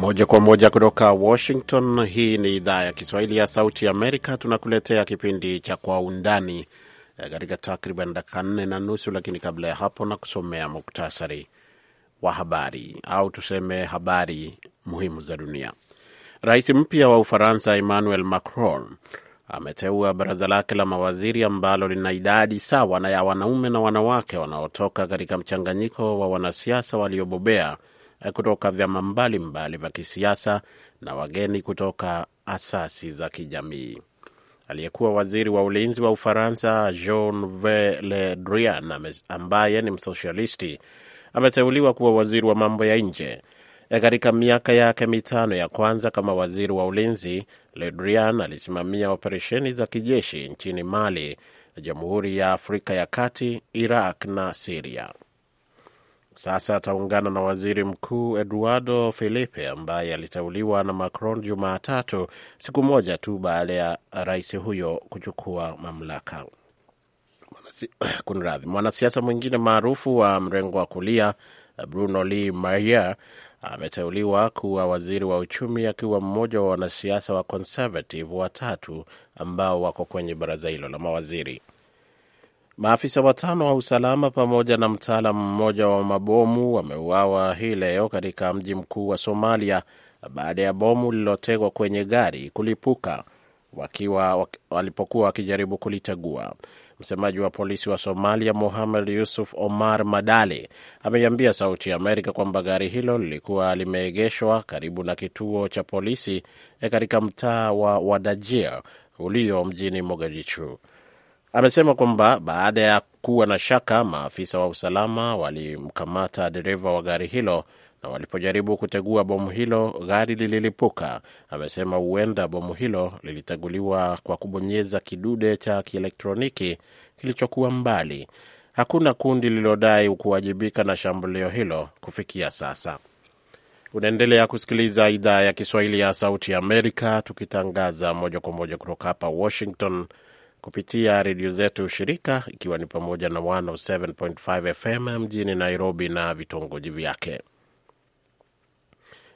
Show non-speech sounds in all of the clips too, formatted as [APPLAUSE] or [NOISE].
Moja kwa moja kutoka Washington. Hii ni idhaa ya Kiswahili ya Sauti Amerika. Tunakuletea kipindi cha Kwa Undani eh, katika takriban dakika nne na nusu, lakini kabla ya hapo na kusomea muktasari wa habari au tuseme habari muhimu za dunia. Rais mpya wa Ufaransa Emmanuel Macron ameteua baraza lake la mawaziri ambalo lina idadi sawa na ya wanaume na wanawake wanaotoka katika mchanganyiko wa wanasiasa waliobobea Eh, kutoka vyama mbalimbali vya kisiasa na wageni kutoka asasi za kijamii. Aliyekuwa waziri wa ulinzi wa Ufaransa jean vledrian Le Drian, ambaye ni msosialisti, ameteuliwa kuwa waziri wa mambo ya nje. Eh, katika miaka yake mitano ya kwanza kama waziri wa ulinzi, Le Drian alisimamia operesheni za kijeshi nchini Mali, Jamhuri ya Afrika ya Kati, Iraq na Siria. Sasa ataungana na waziri mkuu Eduardo Felipe ambaye aliteuliwa na Macron Jumatatu, siku moja tu baada ya rais huyo kuchukua mamlaka. [CLEARS THROAT] Kunradhi, mwanasiasa mwingine maarufu wa mrengo wa kulia Bruno Le Maire ameteuliwa kuwa waziri wa uchumi akiwa mmoja wa wanasiasa wa conservative watatu ambao wako kwenye baraza hilo la mawaziri. Maafisa watano wa usalama pamoja na mtaalamu mmoja wa mabomu wameuawa hii leo katika mji mkuu wa Somalia baada ya bomu lililotegwa kwenye gari kulipuka wakiwa walipokuwa wakijaribu kulitegua. Msemaji wa polisi wa Somalia Mohamed Yusuf Omar Madale ameiambia Sauti ya Amerika kwamba gari hilo lilikuwa limeegeshwa karibu na kituo cha polisi eh, katika mtaa wa Wadajir ulio mjini Mogadishu amesema kwamba baada ya kuwa na shaka, maafisa wa usalama walimkamata dereva wa gari hilo na walipojaribu kutegua bomu hilo gari lililipuka. Amesema huenda bomu hilo liliteguliwa kwa kubonyeza kidude cha kielektroniki kilichokuwa mbali. Hakuna kundi lililodai kuwajibika na shambulio hilo kufikia sasa. Unaendelea kusikiliza idhaa ya Kiswahili ya Sauti ya Amerika, tukitangaza moja kwa moja kutoka hapa Washington kupitia redio zetu shirika, ikiwa ni pamoja na 107.5 FM mjini Nairobi na vitongoji vyake.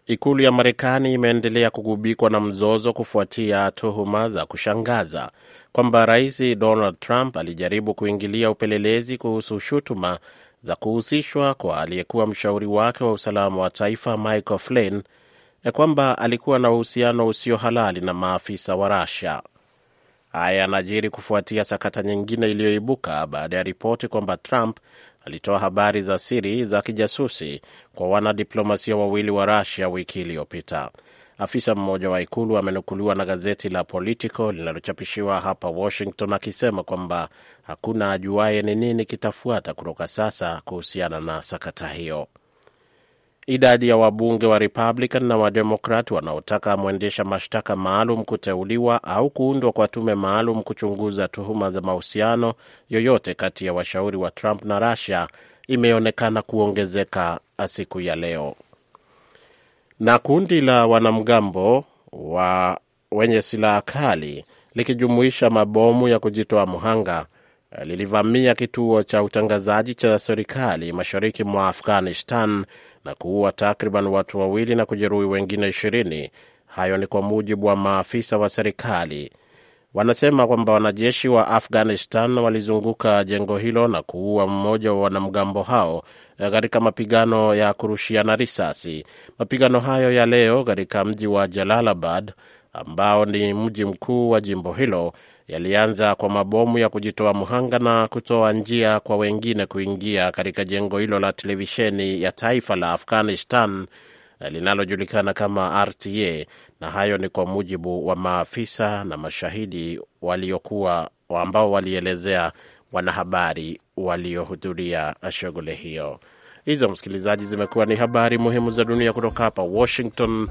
Ikulu ya Marekani imeendelea kugubikwa na mzozo kufuatia tuhuma za kushangaza kwamba Rais Donald Trump alijaribu kuingilia upelelezi kuhusu shutuma za kuhusishwa kwa aliyekuwa mshauri wake wa usalama wa taifa Michael Flynn ya eh, kwamba alikuwa na uhusiano usio halali na maafisa wa Russia. Haya yanajiri kufuatia sakata nyingine iliyoibuka baada ya ripoti kwamba Trump alitoa habari za siri za kijasusi kwa wanadiplomasia wawili wa rasia wiki iliyopita. Afisa mmoja wa ikulu amenukuliwa na gazeti la Politico linalochapishiwa hapa Washington akisema kwamba hakuna ajuaye ni nini kitafuata kutoka sasa kuhusiana na sakata hiyo. Idadi ya wabunge wa Republican na Wademokrat wanaotaka mwendesha mashtaka maalum kuteuliwa au kuundwa kwa tume maalum kuchunguza tuhuma za mahusiano yoyote kati ya washauri wa Trump na Russia imeonekana kuongezeka siku ya leo. Na kundi la wanamgambo wa wenye silaha kali likijumuisha mabomu ya kujitoa mhanga eh, lilivamia kituo cha utangazaji cha serikali mashariki mwa Afghanistan na kuua takriban watu wawili na kujeruhi wengine ishirini. Hayo ni kwa mujibu wa maafisa wa serikali. Wanasema kwamba wanajeshi wa Afghanistan walizunguka jengo hilo na kuua mmoja wa wanamgambo hao eh, katika mapigano ya kurushiana risasi. Mapigano hayo ya leo katika mji wa Jalalabad ambao ni mji mkuu wa jimbo hilo yalianza kwa mabomu ya kujitoa mhanga na kutoa njia kwa wengine kuingia katika jengo hilo la televisheni ya taifa la Afghanistan eh, linalojulikana kama RTA, na hayo ni kwa mujibu wa maafisa na mashahidi waliokuwa ambao walielezea wanahabari waliohudhuria shughuli hiyo. Hizo msikilizaji, zimekuwa ni habari muhimu za dunia kutoka hapa Washington.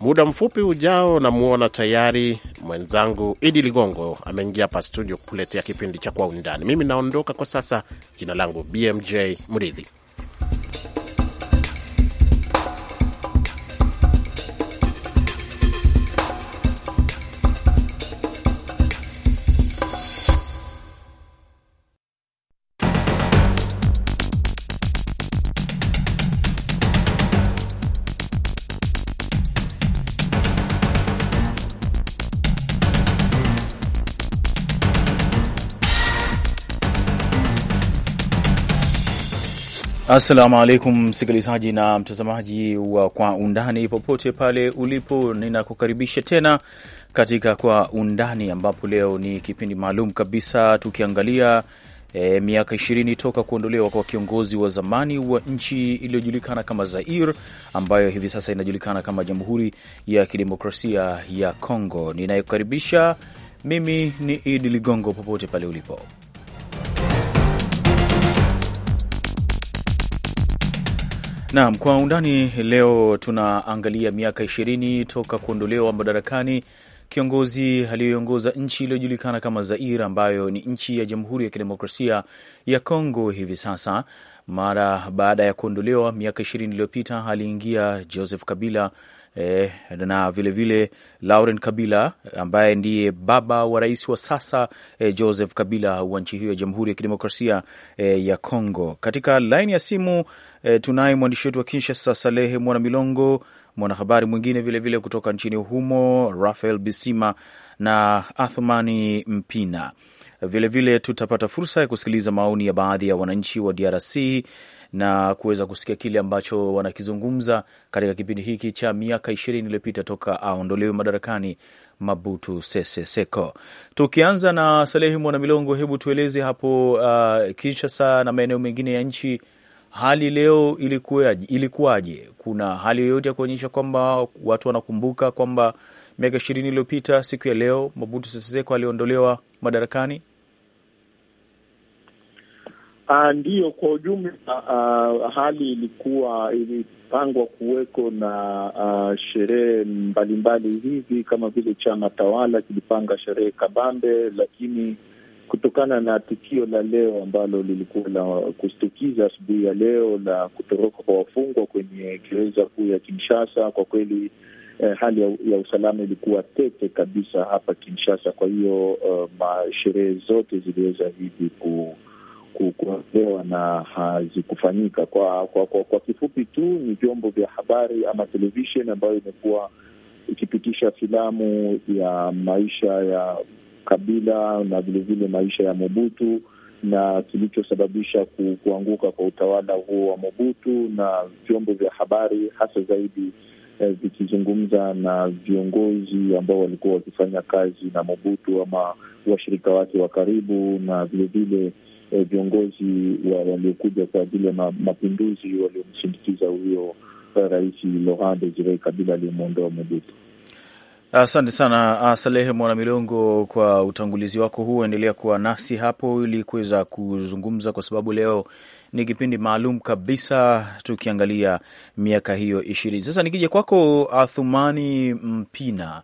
Muda mfupi ujao, namwona tayari mwenzangu Idi Ligongo ameingia hapa studio kuletea kipindi cha Kwa Undani. Mimi naondoka kwa sasa. Jina langu BMJ Mridhi. Assalamu alaikum msikilizaji na mtazamaji wa Kwa Undani popote pale ulipo, ninakukaribisha tena katika Kwa Undani, ambapo leo ni kipindi maalum kabisa tukiangalia e, miaka ishirini toka kuondolewa kwa kiongozi wa zamani wa nchi iliyojulikana kama Zaire ambayo hivi sasa inajulikana kama Jamhuri ya Kidemokrasia ya Kongo. Ninayekukaribisha mimi ni Idi Ligongo popote pale ulipo Naam, kwa undani leo tunaangalia miaka ishirini toka kuondolewa madarakani kiongozi aliyoongoza nchi iliyojulikana kama Zaire ambayo ni nchi ya Jamhuri ya Kidemokrasia ya Kongo hivi sasa. Mara baada ya kuondolewa miaka ishirini iliyopita aliingia Joseph Kabila eh, na vilevile vile Laurent Kabila ambaye ndiye baba wa rais wa sasa eh, Joseph Kabila wa nchi hiyo ya Jamhuri ya Kidemokrasia eh, ya Kongo. Katika laini ya simu E, tunaye mwandishi wetu wa Kinshasa Salehe Mwana Milongo, mwanahabari mwingine vilevile kutoka nchini humo Rafael Bisima na Athmani Mpina. Vilevile vile tutapata fursa ya kusikiliza maoni ya baadhi ya wananchi wa DRC na kuweza kusikia kile ambacho wanakizungumza katika kipindi hiki cha miaka ishirini iliyopita toka aondolewe madarakani Mabutu Sese Seko. Tukianza na Salehi Mwana Milongo, hebu tueleze hapo uh, Kinshasa na maeneo mengine ya nchi hali leo ilikuwaje? Ilikuwaje? Kuna hali yoyote ya kuonyesha kwamba watu wanakumbuka kwamba miaka ishirini iliyopita siku ya leo Mobutu Sese Seko aliondolewa madarakani? Uh, ah, ndiyo, kwa ujumla uh, hali ilikuwa ilipangwa kuweko na uh, sherehe mbalimbali hivi, kama vile chama tawala kilipanga sherehe kabambe, lakini kutokana na tukio la leo ambalo lilikuwa la kushtukiza asubuhi ya leo la kutoroka kwa wafungwa kwenye gereza kuu ya Kinshasa. Kwa kweli eh, hali ya, ya usalama ilikuwa tete kabisa hapa Kinshasa. Kwa hiyo uh, masherehe zote ziliweza hivi ku kuondolewa na hazikufanyika. Kwa, kwa, kwa, kwa kifupi tu ni vyombo vya habari ama televishen ambayo imekuwa ikipitisha filamu ya maisha ya Kabila na vilevile maisha ya Mobutu na kilichosababisha ku, kuanguka kwa utawala huo wa Mobutu, na vyombo vya habari hasa zaidi eh, vikizungumza na viongozi ambao walikuwa wakifanya kazi na Mobutu ama washirika wake wa karibu, na vilevile eh, viongozi waliokuja kwa ajili ya mapinduzi waliomsindikiza huyo eh, rais Laurent Desire Kabila aliyemwondoa Mobutu. Asante sana uh, Salehe Mwana Milongo kwa utangulizi wako huu Endelea kuwa nasi hapo ili kuweza kuzungumza, kwa sababu leo ni kipindi maalum kabisa tukiangalia miaka hiyo ishirini. Sasa nikija kwako Athumani Mpina,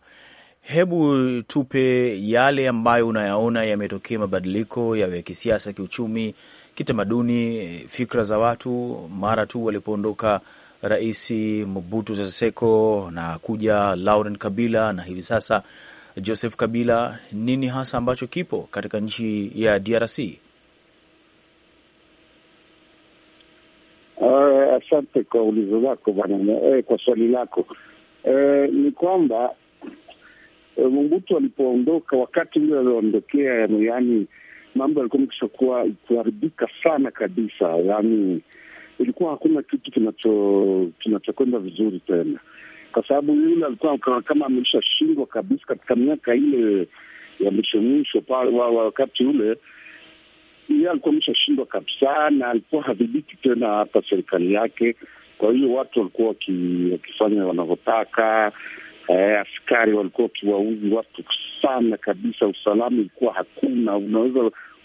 hebu tupe yale ambayo unayaona yametokea, mabadiliko yawe kisiasa, kiuchumi, kitamaduni, fikra za watu mara tu walipoondoka Rais Mobutu Sese Seko na kuja Laurent Kabila na hivi sasa Joseph Kabila, nini hasa ambacho kipo katika nchi ya DRC? Uh, ah, asante kwa ulizo lako bwana eh, kwa swali lako eh, ni kwamba eh, Mobutu alipoondoka, wakati ule alioondokea, yaani mambo yalikuwa kuwa kuharibika sana kabisa, yaani ilikuwa hakuna kitu kinachokwenda vizuri tena, kwa sababu yule alikuwa kama ameshashindwa kabisa katika miaka ile ya mwisho mwisho pale wa wakati ule ye alikuwa ameshashindwa kabisa, na alikuwa hadhibiti tena hata serikali yake. Kwa hiyo watu walikuwa wakifanya wanavyotaka. Eh, askari walikuwa wakiwauzi watu sana kabisa, usalama ulikuwa hakuna, unaweza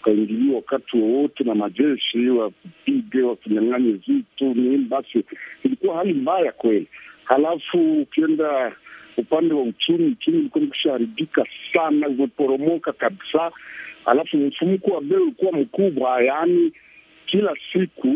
wakaingiliwa wakati wowote na majeshi, wapige, wakinyang'anye vitu nini. Basi ilikuwa hali mbaya kweli. Halafu ukienda upande wa uchumi, uchumi ulikuwa nikushaharibika sana, umeporomoka kabisa. Halafu mfumuko wa bei ulikuwa mkubwa, yaani kila siku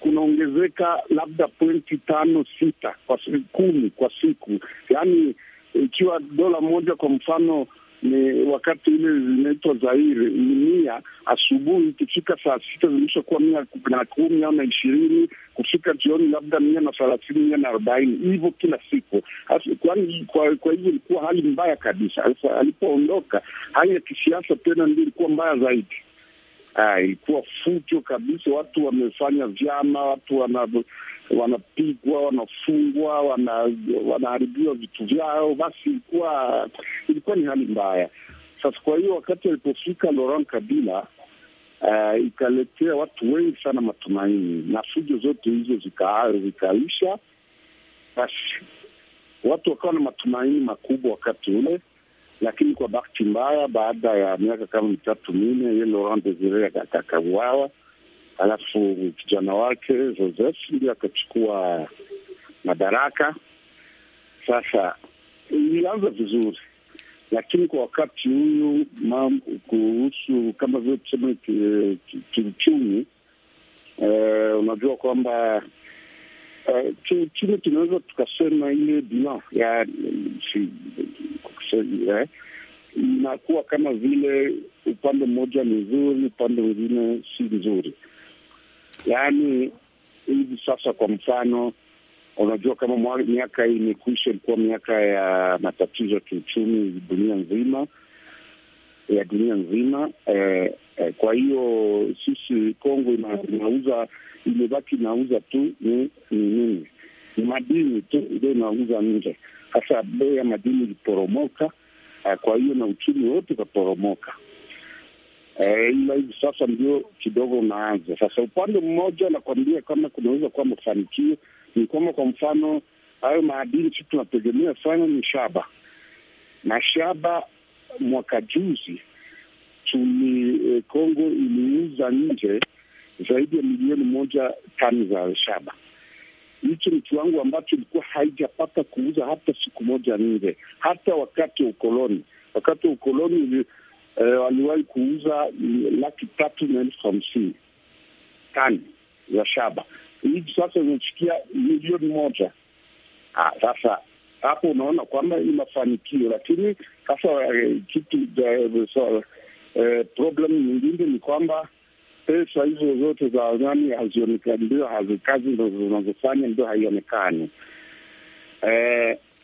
kunaongezeka labda pointi tano sita kwa siku kumi kwa siku, yaani ikiwa dola moja kwa mfano ni wakati ile zinaitwa Zaire ni mia asubuhi, ikifika saa sita zilishakuwa mia na kumi au na ishirini, kufika jioni labda mia na thelathini, mia na arobaini hivyo kila siku. Kwani kwa, kwa hivyo ilikuwa hali mbaya kabisa. alipoondoka hali ya kisiasa tena ndio ilikuwa mbaya zaidi. Ah, ilikuwa fujo kabisa, watu wamefanya vyama, watu wana, wanapigwa, wanafungwa, wana, wanaharibiwa vitu vyao. Basi ilikuwa ilikuwa ni hali mbaya. Sasa kwa hiyo wakati alipofika Laurent Kabila Uh, ikaletea watu wengi sana matumaini na fujo zote hizo zika, zikaisha. Basi watu wakawa na matumaini makubwa wakati ule, lakini kwa bahati mbaya, baada ya miaka kama mitatu minne, ye Laurent Desire akauawa, alafu kijana wake Joseph ndio akachukua madaraka. Sasa ilianza vizuri, lakini kwa wakati huyu kuhusu kama vile tuseme kiuchumi, eh, unajua kwamba Uh, eh, kile tunaweza tukasema ile bila ya eh, inakuwa kama vile upande mmoja ni nzuri, upande mwingine si nzuri. Yaani hivi sasa, kwa mfano, unajua kama miaka hii imekwisha, ilikuwa miaka ya matatizo ya kiuchumi dunia nzima ya dunia nzima eh, eh, kwa hiyo sisi Kongo inauza imebaki inauza tu ni nini, ni madini tu ndio inauza nje. Sasa bei ya madini iliporomoka, eh, kwa hiyo na uchumi wote ukaporomoka. Eh, ila hivi sasa ndio kidogo unaanza sasa. Upande mmoja nakwambia kama kunaweza kuwa mafanikio ni kwamba, kwa mfano hayo madini si tunategemea sana ni shaba na shaba mwaka juzi tumi, eh, Kongo iliuza nje zaidi ya milioni moja tani za shaba. Hicho ni kiwango ambacho ilikuwa haijapata kuuza hata siku moja nje, hata wakati wa ukoloni. Wakati wa ukoloni eh, waliwahi kuuza laki tatu na elfu hamsini tani za shaba. Hii sasa imefikia milioni moja. Ah, sasa hapo unaona kwamba ni mafanikio, lakini sasa eh, kitu uh, problem nyingine ni kwamba pesa hizo zote za wazani hazionekani, ndio hazikazi, zinazofanya ndio haionekani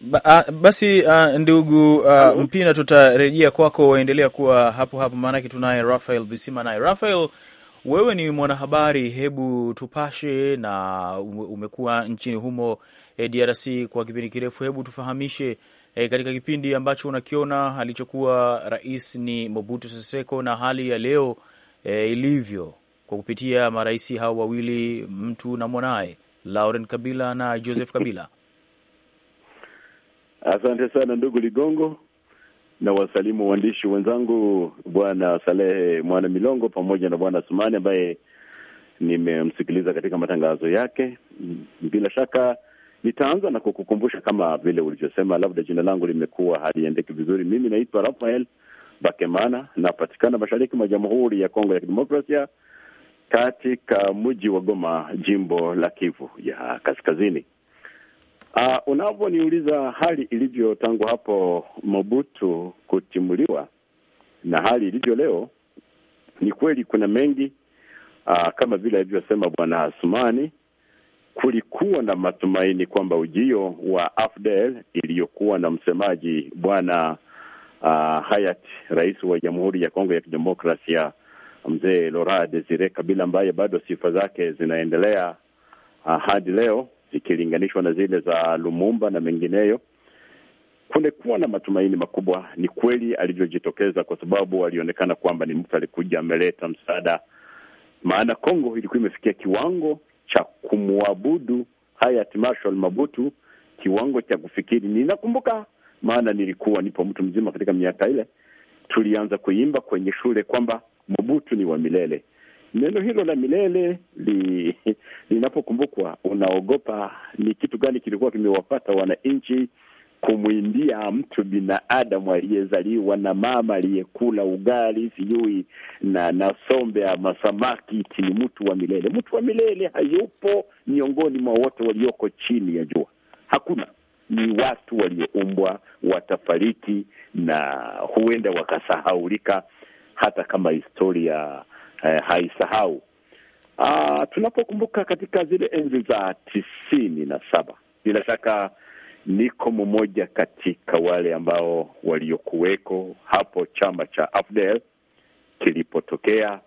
Ba, a, ah, basi a, ah, ndugu a, ah, Mpina, tutarejea kwako, waendelea kuwa hapo hapo, maanake tunaye Rafael Bisima naye Rafael wewe ni mwanahabari, hebu tupashe, na umekuwa nchini humo e, eh, DRC kwa kipindi kirefu. Hebu tufahamishe e, katika kipindi ambacho unakiona alichokuwa rais ni Mobutu Sese Seko na hali ya leo e, ilivyo kwa kupitia marais hao wawili, mtu na mwanaye Laurent Kabila na Joseph Kabila. Asante sana ndugu Ligongo na wasalimu waandishi wenzangu, Bwana Salehe Mwana Milongo pamoja na Bwana Sumani ambaye nimemsikiliza katika matangazo yake. Bila shaka nitaanza na kukukumbusha kama vile ulivyosema, labda jina langu limekuwa haliendeki vizuri. Mimi naitwa Rafael Bakemana, napatikana mashariki mwa Jamhuri ya Kongo ya Kidemokrasia, katika mji wa Goma, jimbo la Kivu ya Kaskazini. Uh, unavyoniuliza hali ilivyo tangu hapo Mobutu kutimuliwa na hali ilivyo leo, ni kweli kuna mengi uh, kama vile alivyosema Bwana Asmani, kulikuwa na matumaini kwamba ujio wa AFDL iliyokuwa na msemaji Bwana uh, Hayat, rais wa Jamhuri ya Kongo ya Kidemokrasia, mzee Laurent Desire Kabila ambaye bado sifa zake zinaendelea uh, hadi leo zikilinganishwa na zile za Lumumba na mengineyo, kulikuwa na matumaini makubwa. Ni kweli alivyojitokeza, kwa sababu alionekana kwamba ni mtu alikuja ameleta msaada, maana Kongo ilikuwa imefikia kiwango cha kumwabudu hayati Marshal Mabutu, kiwango cha kufikiri. Ninakumbuka, maana nilikuwa nipo mtu mzima katika miaka ile, tulianza kuimba kwenye shule kwamba Mabutu ni wa milele. Neno hilo la milele li, linapokumbukwa unaogopa ni kitu gani kilikuwa kimewapata wananchi kumwindia mtu binadamu aliyezaliwa na mama aliyekula ugali sijui na na sombe ama samaki, ni mtu wa milele. Mtu wa milele hayupo miongoni mwa wote walioko chini ya jua, hakuna. Ni watu walioumbwa, watafariki na huenda wakasahaulika, hata kama historia eh, haisahau ah, tunapokumbuka katika zile enzi za tisini na saba, bila shaka niko mmoja katika wale ambao waliokuweko hapo chama cha AFDEL kilipotokea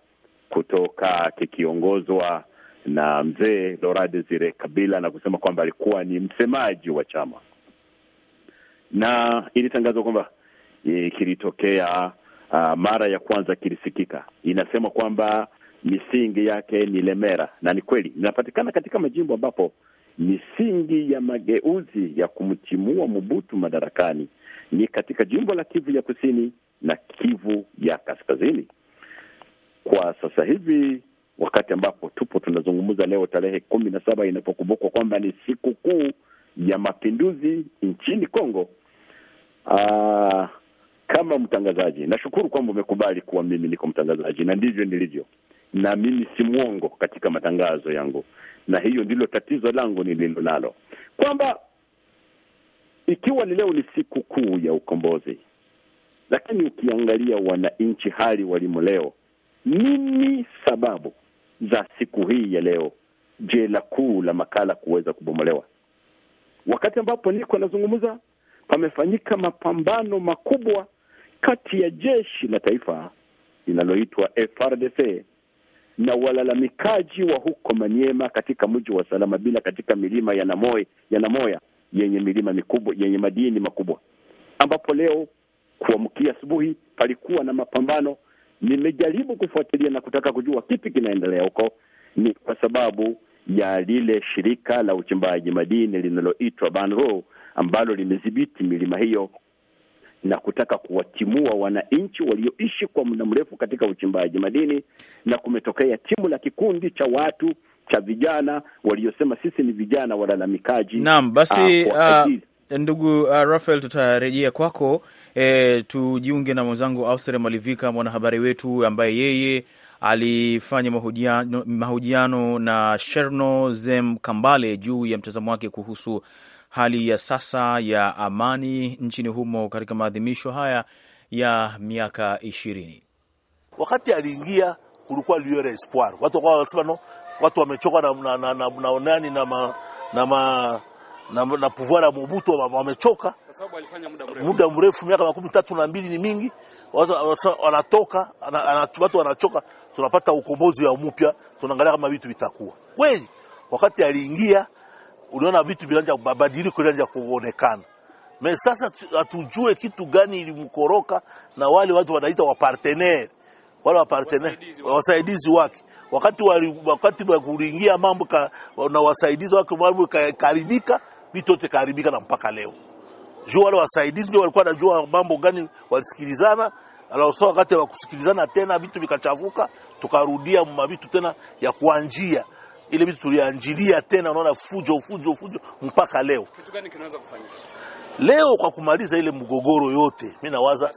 kutoka kikiongozwa na mzee Laurent Desire Kabila na kusema kwamba alikuwa ni msemaji wa chama, na ilitangazwa kwamba eh, kilitokea uh, mara ya kwanza kilisikika. Inasema kwamba misingi yake ni Lemera, na ni kweli inapatikana katika majimbo ambapo misingi ya mageuzi ya kumtimua mubutu madarakani ni katika jimbo la Kivu ya kusini na Kivu ya kaskazini. Kwa sasa hivi wakati ambapo tupo tunazungumza leo, tarehe kumi na saba inapokumbukwa kwamba ni siku kuu ya mapinduzi nchini Kongo. Aa, ah, kama mtangazaji. Nashukuru kwamba umekubali kuwa mimi niko mtangazaji, na ndivyo nilivyo, na mimi si mwongo katika matangazo yangu, na hiyo ndilo tatizo langu nililo nalo kwamba ikiwa ni leo ni siku kuu ya ukombozi, lakini ukiangalia wananchi hali walimo leo, nini sababu za siku hii ya leo jela kuu la Makala kuweza kubomolewa? Wakati ambapo niko nazungumza, pamefanyika mapambano makubwa kati ya jeshi la taifa linaloitwa FRDC na walalamikaji wa huko Maniema katika mji wa Salama Bila katika milima ya Namoya, ya Namoya yenye milima mikubwa yenye madini makubwa, ambapo leo kuamkia asubuhi palikuwa na mapambano. Nimejaribu kufuatilia na kutaka kujua kipi kinaendelea huko, ni kwa sababu ya lile shirika la uchimbaji madini linaloitwa Banro ambalo limedhibiti milima hiyo na kutaka kuwatimua wananchi walioishi kwa muda mrefu katika uchimbaji madini, na kumetokea timu la kikundi cha watu cha vijana waliosema sisi ni vijana walalamikaji. Naam, basi uh, ndugu uh, Rafael, tutarejea kwako. E, tujiunge na mwenzangu Austere Malivika, mwanahabari wetu ambaye yeye alifanya mahojiano, mahojiano na Sherno Zem Kambale juu ya mtazamo wake kuhusu hali ya sasa ya amani nchini humo katika maadhimisho haya ya miaka ishirini. Wakati aliingia kulikuwa liere espoir, watu wakawa wanasema no, watu wamechoka na na na na naonani na ma, na ma, na, na Mobutu wamechoka, muda mrefu, miaka makumi tatu na mbili ni mingi. Wanatoka watu wanachoka, tunapata ukombozi wa mupya, tunaangalia kama vitu vitakuwa kweli. Wakati aliingia unaona vitu vinaanza mabadiliko inaanza kuonekana. Me sasa hatujue kitu gani ilimkoroka, na wale watu wanaita waparteneri wale waparteneri wasaidizi wake, wakati wali, wakati wa kuingia mambo ka, na wasaidizi wake, mambo karibika, vitu yote karibika, na mpaka leo juu wale wasaidizi ndio walikuwa wanajua mambo gani walisikilizana alaosa wakati wa kusikilizana tena vitu vikachafuka, tukarudia mavitu tena ya kuanjia ile vitu tulianjilia tena, unaona fujo fujo fujo mpaka leo. Kitu gani kinaweza kufanyika leo kwa kumaliza ile mgogoro yote? Mimi nawaza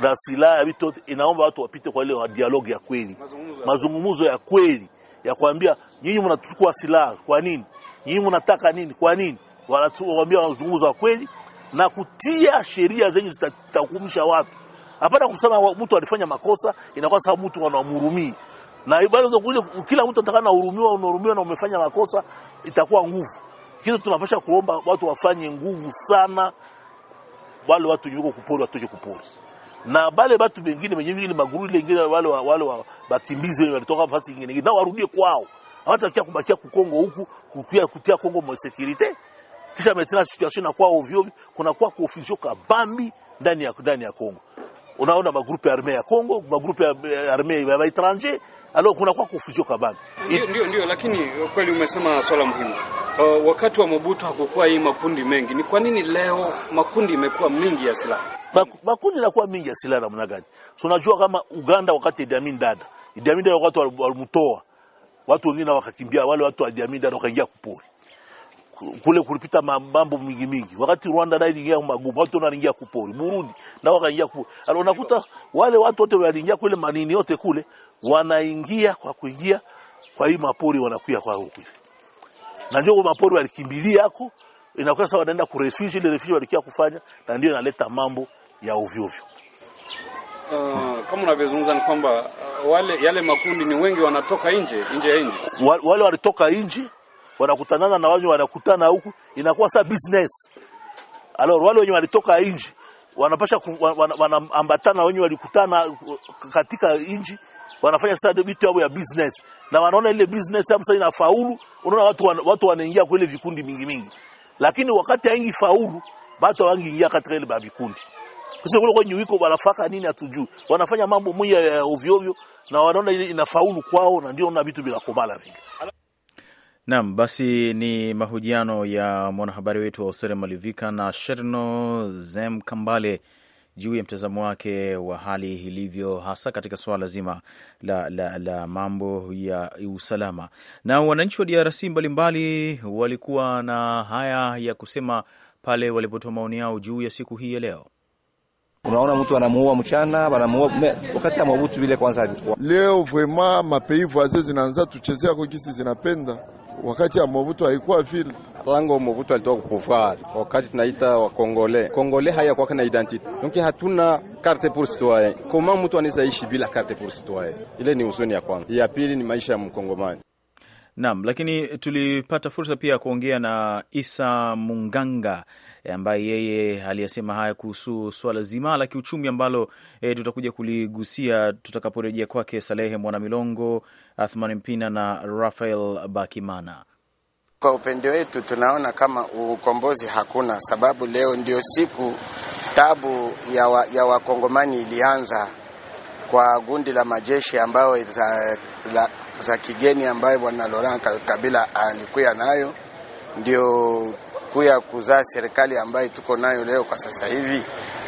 na silaha vitu yote, inaomba watu wapite kwa ile dialogue ya kweli, mazungumzo ya kweli ya kuambia, nyinyi mnachukua silaha kwa nini? Nyinyi mnataka nini? Kwa nini? Wanatuambia mazungumzo ya kweli na kutia sheria zenye zitahukumisha watu, hapana kusema mtu alifanya makosa, inakuwa sababu mtu wanamhurumia na bado kuja kila mtu atakana hurumiwa, unahurumiwa na umefanya makosa, itakuwa nguvu kitu. Tunapasha kuomba watu wafanye nguvu sana, wale watu wenye kupori watoje kupori, na bale watu wengine wenye ile maguru ile ingine, wale wa, wale wa bakimbizi wale walitoka nafasi nyingine nyingine, nao warudie kwao, hawatakia kubakia kukongo huku kukia kutia Kongo mo security, kisha metina situation na kwao ovyo, kuna kwa kuofisho kabambi ndani ya ndani ya Kongo. Unaona magrupu ya armee ya Kongo, magrupu ya eh, armee ya étranger alo kwa kufuzio kwa bangi. Ndio, ndio, lakini kweli umesema swala muhimu. Uh, wakati wa Mobutu hakukuwa hii makundi mengi. Ni kwa nini leo makundi imekuwa mingi ya silaha? Makundi yanakuwa mingi ya silaha namna gani? So unajua kama Uganda wakati Idi Amin Dada, Idi Amin Dada wakati walimtoa watu wengine wakakimbia, wale watu wa Idi Amin Dada wakaingia kupori kule kulipita mambo mingi mingi, wakati Rwanda nayo iliingia magumu, watu wanaingia kupori, Burundi nao wakaingia kupori. Unakuta wale watu wote waliingia kule manini yote kule, wanaingia kwa kuingia kwa hii mapori, wanakuya kwa huku hivi, na ndio mapori walikimbilia huko, inakuwa sasa wanaenda ku refugee, ile refugee walikia kufanya, na ndio inaleta mambo ya ovyo ovyo. Uh, kama unavyozungumza ni kwamba uh, wale yale makundi ni wengi wanatoka nje nje ya nje, wale walitoka nje wanakutanana na wanyo wanakutana huku, inakuwa sa business. Alors wale wenye walitoka nje wanapasha wanaambatana wenye walikutana katika nje, wanafanya sasa vitu yao ya business, na wanaona ile business hapo sasa inafaulu. Unaona watu watu wanaingia kwa ile vikundi mingi mingi, lakini wakati haingi faulu, watu wangi ingia katika ile babikundi sasa kule kwenye wiko wanafaka nini hatujui. Wanafanya mambo mwiya ya eh, ovyo ovyo na wanaona ile inafaulu kwao na ndio na vitu bila kubala vingi. Naam, basi ni mahojiano ya mwanahabari wetu wa Usere Malivika na Sherno Zem Kambale juu ya mtazamo wake wa hali ilivyo hasa katika suala zima la, la, la mambo ya usalama. Na wananchi wa DRC mbalimbali walikuwa na haya ya kusema pale walipotoa maoni yao juu ya siku hii ya leo. Unaona, mtu anamuua mchana, anamuua wakati ya mabutu vile. Kwanza leo vrema mapei voisin zinaanza tuchezea kwa kisi zinapenda wakati ya Mobutu haikuwa vile tango Mobutu alitoka kupuvar wakati tunaita wa Kongole Kongole haya kwa kana identity donc hatuna carte pour citoyen. Koma mtu anaweza ishi bila carte pour citoyen? Ile ni huzuni ya kwanza. Ya pili ni maisha ya Mkongomani. Naam, lakini tulipata fursa pia ya kuongea na Isa Munganga ambaye yeye aliyasema haya kuhusu swala zima la kiuchumi ambalo e, tutakuja kuligusia tutakaporejea kwake Salehe Mwanamilongo, Athmani Mpina na Rafael Bakimana. Kwa upende wetu tunaona kama ukombozi hakuna, sababu leo ndio siku tabu ya, wa, ya wakongomani ilianza kwa gundi la majeshi ambayo za, la, za kigeni ambayo bwana Laurent Kabila alikuya nayo ndio kuya kuzaa serikali ambayo tuko nayo leo kwa sasa hivi.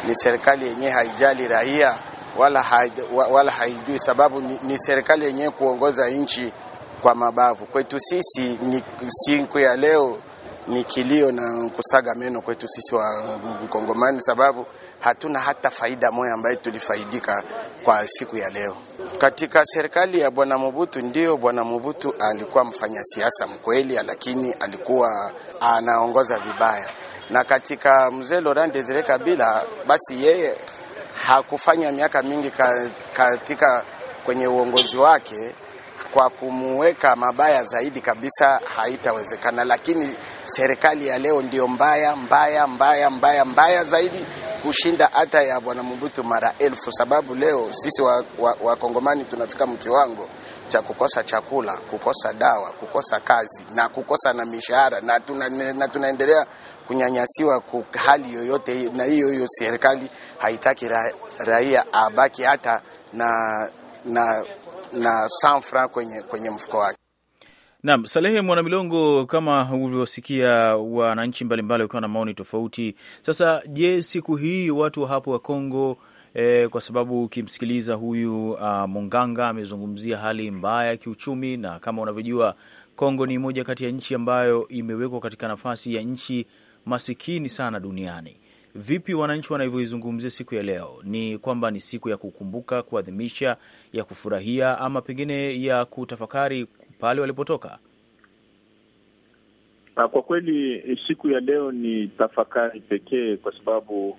Ni serikali yenyewe haijali raia wala, hai, wala haijui sababu ni, ni serikali yenyewe kuongoza nchi kwa mabavu. Kwetu sisi ni siku ya leo ni kilio na kusaga meno kwetu sisi wa Mkongomani, sababu hatuna hata faida moja ambayo tulifaidika kwa siku ya leo katika serikali ya bwana Mobutu. Ndio, bwana Mobutu alikuwa mfanya siasa mkweli, lakini alikuwa anaongoza vibaya. Na katika mzee Laurent Desire Kabila, basi yeye hakufanya miaka mingi katika kwenye uongozi wake kwa kumuweka mabaya zaidi kabisa haitawezekana. Lakini serikali ya leo ndio mbaya mbaya mbaya mbaya mbaya zaidi kushinda hata ya bwana mubutu mara elfu, sababu leo sisi wakongomani wa, wa tunafika mkiwango cha kukosa chakula, kukosa dawa, kukosa kazi na kukosa na mishahara na, tuna, na tunaendelea kunyanyasiwa hali yoyote, na hiyo hiyo serikali haitaki ra, raia abaki hata na, na na sanfra kwenye, kwenye mfuko wake. Naam, Salehe Mwanamilongo, kama ulivyosikia wananchi mbalimbali wakiwa na maoni tofauti. Sasa je, siku hii watu wa hapo wa Kongo E, kwa sababu ukimsikiliza huyu uh, Munganga amezungumzia hali mbaya ya kiuchumi, na kama unavyojua Kongo ni moja kati ya nchi ambayo imewekwa katika nafasi ya nchi masikini sana duniani. Vipi wananchi wanavyoizungumzia siku ya leo? Ni kwamba ni siku ya kukumbuka, kuadhimisha, ya kufurahia, ama pengine ya kutafakari pale walipotoka? Ah, kwa kweli eh, siku ya leo ni tafakari pekee, kwa sababu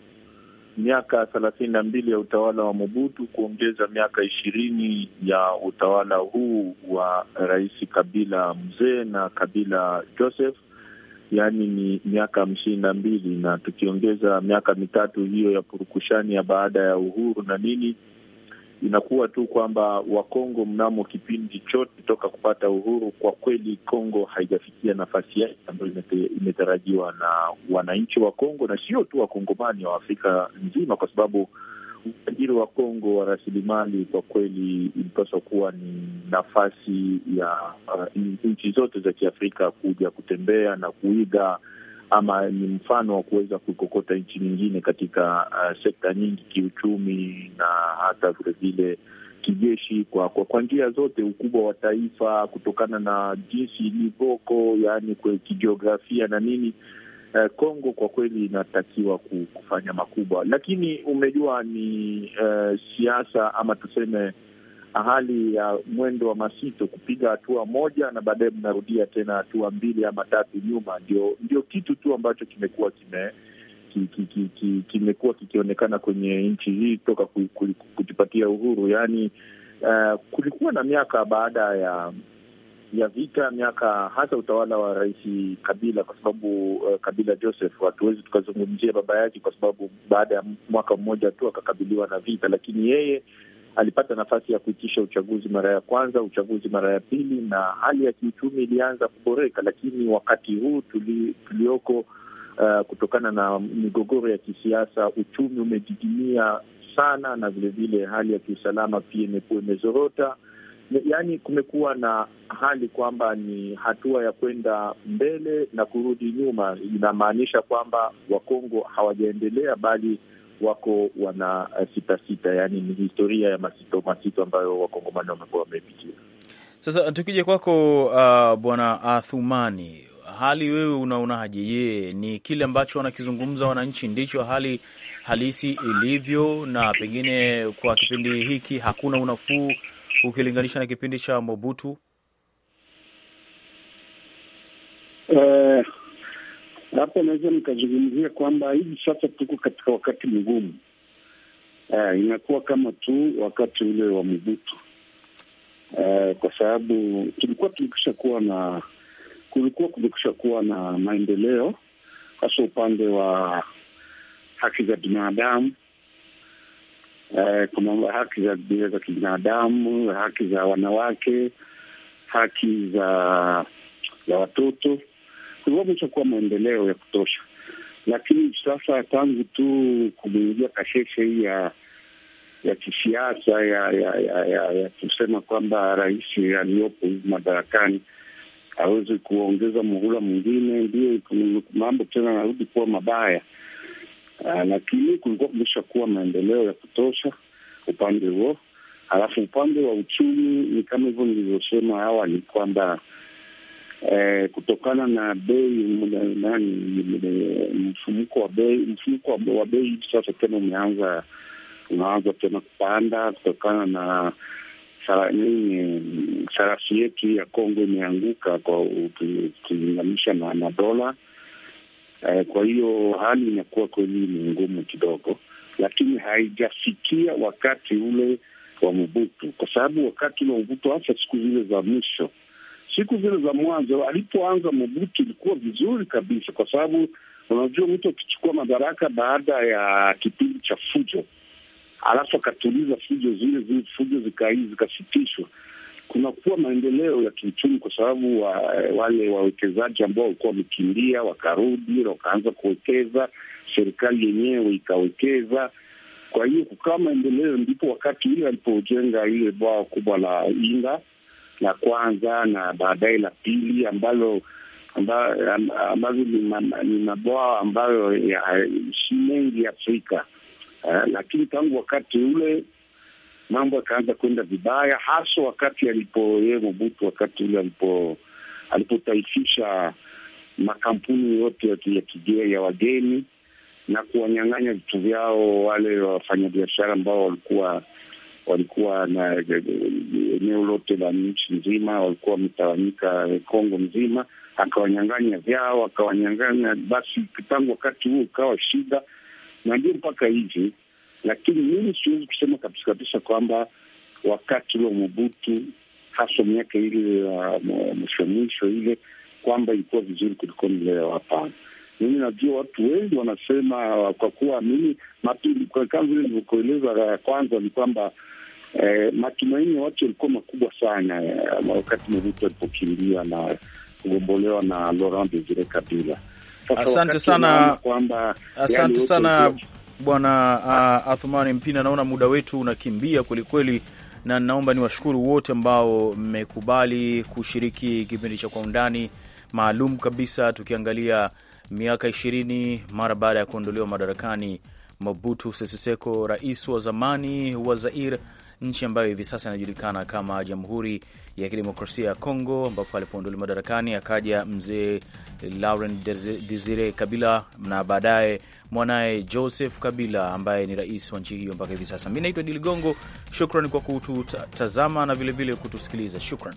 miaka thelathini na mbili ya utawala wa Mobutu kuongeza miaka ishirini ya utawala huu wa Rais Kabila mzee na Kabila Joseph yaani ni miaka hamsini na mbili na tukiongeza miaka mitatu hiyo ya purukushani ya baada ya uhuru na nini, inakuwa tu kwamba Wakongo mnamo kipindi chote toka kupata uhuru, kwa kweli Kongo haijafikia nafasi yake ambayo imetarajiwa na wananchi wa Kongo na sio tu Wakongomani wa Afrika nzima, kwa sababu utajiri wa Kongo wa rasilimali kwa kweli ilipaswa kuwa ni nafasi ya uh, nchi zote za Kiafrika kuja kutembea na kuiga ama ni mfano wa kuweza kuikokota nchi nyingine katika uh, sekta nyingi kiuchumi na hata vilevile kijeshi, kwa, kwa, kwa njia zote, ukubwa wa taifa kutokana na jinsi ilivoko, yaani kijiografia na nini Eh, Kongo kwa kweli inatakiwa kufanya makubwa, lakini umejua ni uh, siasa ama tuseme ah, hali ya mwendo wa masito, kupiga hatua moja na baadaye mnarudia tena hatua mbili ama tatu nyuma. Ndio, ndio kitu tu ambacho kimekuwa kime kimekuwa ki, ki, ki, kikionekana kwenye nchi hii toka kujipatia uhuru, yaani uh, kulikuwa na miaka baada ya ya vita miaka hasa utawala wa Rais Kabila, kwa sababu uh, Kabila Joseph, hatuwezi tukazungumzia baba yake kwa sababu baada ya mwaka mmoja tu akakabiliwa na vita, lakini yeye alipata nafasi ya kuitisha uchaguzi mara ya kwanza, uchaguzi mara ya pili, na hali ya kiuchumi ilianza kuboreka. Lakini wakati huu tuli, tulioko uh, kutokana na migogoro ya kisiasa, uchumi umedidimia sana, na vilevile hali ya kiusalama pia imekuwa imezorota yaani kumekuwa na hali kwamba ni hatua ya kwenda mbele na kurudi nyuma. Inamaanisha kwamba Wakongo hawajaendelea bali wako wana sita sita, yaani ni historia ya masito masito ambayo wakongomani wamekuwa wamepitia. Sasa tukija kwako, uh, bwana Athumani, hali wewe unaonaje? Je, ni kile ambacho wanakizungumza wananchi ndicho hali halisi ilivyo, na pengine kwa kipindi hiki hakuna unafuu ukilinganisha na kipindi cha Mobutu? hapa eh, hapo naweza nikazungumzia kwamba hivi sasa tuko katika wakati mgumu. Uh, inakuwa kama tu wakati ule wa Mobutu. Uh, kwa sababu tulikuwa tumekisha kuwa na kulikuwa kumekisha kuwa na maendeleo hasa upande wa haki za binadamu eh, kwa mambo ya haki za za kibinadamu, haki za wanawake, haki za za watoto. Kwa hivyo ameshakuwa maendeleo ya kutosha, lakini sasa tangu tu kumuingia kasheshe hii ya ya kisiasa ya ya, ya, ya ya kusema kwamba rais aliyopo hivi madarakani aweze kuongeza muhula mwingine, ndio mambo tena narudi kuwa mabaya. Ah, lakini kulikuwa kuwa maendeleo ya kutosha upande huo. Halafu upande wa uchumi ni kama hivyo nilivyosema awali kwamba eh, kutokana na bei nani, mfumuko wa bei, mfumuko wa bei hivi sasa tena umeanza unaanza tena kupanda kutokana na sarafu yetu ya Kongo imeanguka kwa ukilinganisha na, na dola Eh, kwa hiyo hali inakuwa kweli ni ngumu kidogo, lakini haijafikia wakati ule wa mubutu kwa sababu wakati ule wa mubutu hasa siku zile za mwisho, siku zile za mwanzo alipoanza mubutu ilikuwa vizuri kabisa, kwa sababu unajua mtu akichukua madaraka baada ya kipindi cha fujo alafu akatuliza fujo zile, zile fujo zikasitishwa kunakuwa maendeleo ya kiuchumi, kwa sababu wa, uh, wale wawekezaji ambao walikuwa wamekimbia wakarudi, wakaanza kuwekeza, serikali yenyewe ikawekeza. Kwa hiyo kukawa maendeleo, ndipo wakati ule alipojenga ile bwawa kubwa la Inga la kwanza na baadaye la pili ambalo ambazo ni mabwawa ambayo si mengi Afrika, uh, lakini tangu wakati ule mambo yakaanza kwenda vibaya, haswa wakati alipo yeye Mobutu, wakati ule alipo alipotaifisha makampuni yote ya kigea ya wageni na kuwanyang'anya vitu vyao wale wafanyabiashara ambao walikuwa walikuwa na e, e, eneo lote la nchi nzima, walikuwa wametawanyika Kongo mzima, akawanyang'anya vyao, akawanyang'anya. Basi tangu wakati huo ukawa shida, na ndio mpaka hivi lakini mimi siwezi kusema kabisa kabisa kwamba wakati wa Mobutu haswa miaka ile ya uh, mwisho mwisho ile kwamba ilikuwa vizuri kuliko leo. Hapana, mimi najua watu wengi wanasema, kwa kuwa mimi kama vile nilivyokueleza kwanza ni kwamba eh, matumaini ya watu yalikuwa makubwa sana eh, wakati Mobutu alipokimbia na kugombolewa na Laurent Desire Kabila. Asante sana, asante sana. Bwana uh, Athumani Mpina, naona muda wetu unakimbia kwelikweli, na naomba niwashukuru wote ambao mmekubali kushiriki kipindi cha Kwa Undani maalum kabisa, tukiangalia miaka ishirini mara baada ya kuondolewa madarakani Mobutu Sese Seko, rais wa zamani wa Zaire nchi ambayo hivi sasa inajulikana kama Jamhuri ya Kidemokrasia ya Kongo, ambapo alipoondolewa madarakani akaja mzee Laurent Desire Kabila na baadaye mwanaye Joseph Kabila ambaye ni rais wa nchi hiyo mpaka hivi sasa. Mi naitwa Diligongo, shukran kwa kututazama na vilevile kutusikiliza. Shukran.